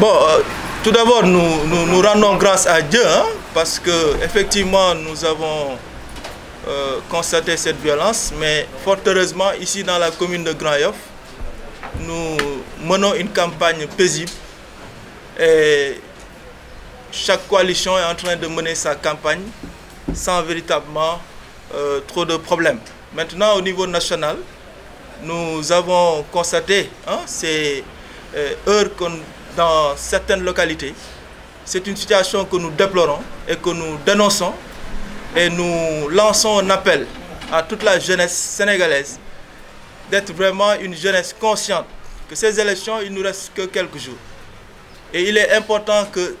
Bon, euh, tout d'abord, nous, nous, nous, rendons grâce à Dieu, hein, parce que effectivement, nous avons euh, constaté cette violence, mais fort heureusement, ici dans la commune de Grand Yoff, nous menons une campagne paisible et chaque coalition est en train de mener sa campagne sans véritablement euh, trop de problèmes. Maintenant, au niveau national, nous avons constaté hein, ces euh, heures qu'on dans certaines localités. C'est une situation que nous déplorons et que nous dénonçons et nous lançons un appel à toute la jeunesse sénégalaise d'être vraiment une jeunesse consciente que ces élections, il ne nous reste Et est important que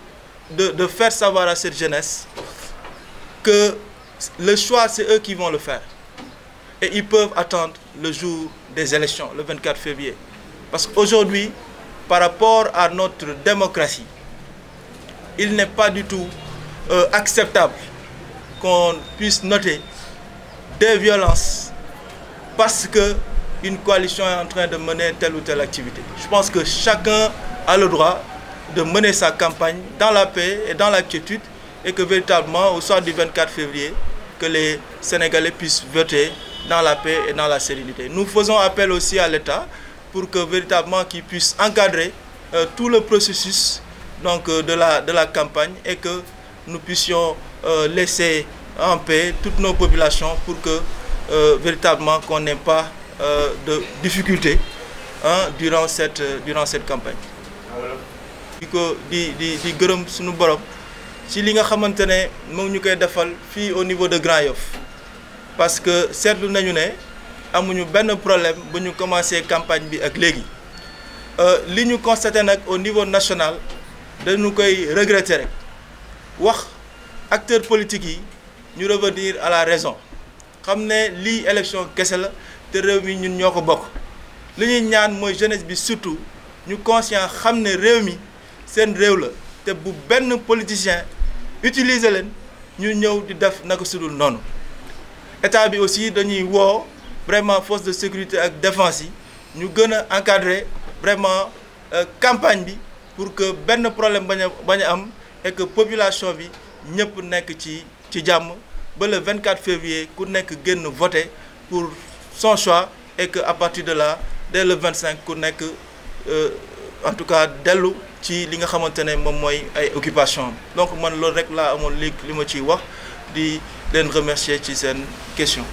de, de faire savoir à cette le choix, c'est eux le faire. Et ils peuvent attendre le jour des élections, le 24 février. Parce par rapport à notre démocratie, il n'est pas du tout euh, acceptable qu'on puisse noter des violences parce que une coalition est de mener telle ou activité. Je que chacun a le droit de mener sa campagne dans la paix et la quiétude et que véritablement au soir du 24 février, que les Sénégalais puissent voter dans la paix dans la sérénité. Nous faisons appel aussi à l'État pour que véritablement qu'ils puissent encadrer euh, tout le processus donc, euh, de, la, de la campagne et que nous puissions euh, laisser en paix toute nos populations pour que euh, véritablement qu'on n'ait pas euh, de difficultés hein, durant, cette, durant cette campagne. di ko di di di gërëm suñu borom ci li nga xamante ne moom ñu koy defal fii au niveau de Grand Yoff parce que seetlu nañu ne amuñu benn problème ba ñu commencé campagne bi ak léegi euh, li ñu constaté nag au niveau national dañu koy regretter rek wax acteur politiques yi ñu revenir à la raison xam ne lii élection kese la te réew mi ñun ñoo ko bokk li ñuy ñaan mooy jeunesse bi surtout ñu conscient xam ne réew mi seen réew la te bu benn politicien utiliser leen ñu ñëw di def naka sudul noonu état bi aussi dañuy woo vraiment force de sécurité ak défence yi ñu gën a encadrer vraiment euh, campagne bi pour que benn problème bañ a bañ am et que population bi ñëpp nekk ci ci jàmm ba le 24 février ku nekk génn voter pour son choix et que à partir de là dès le cinq ku nekk euh, en tout cas dellu ci li nga xamante ne moom mooy ay occupation donc man loolu rek laa amoon li li ma ciy wax di leen remercier ci seen question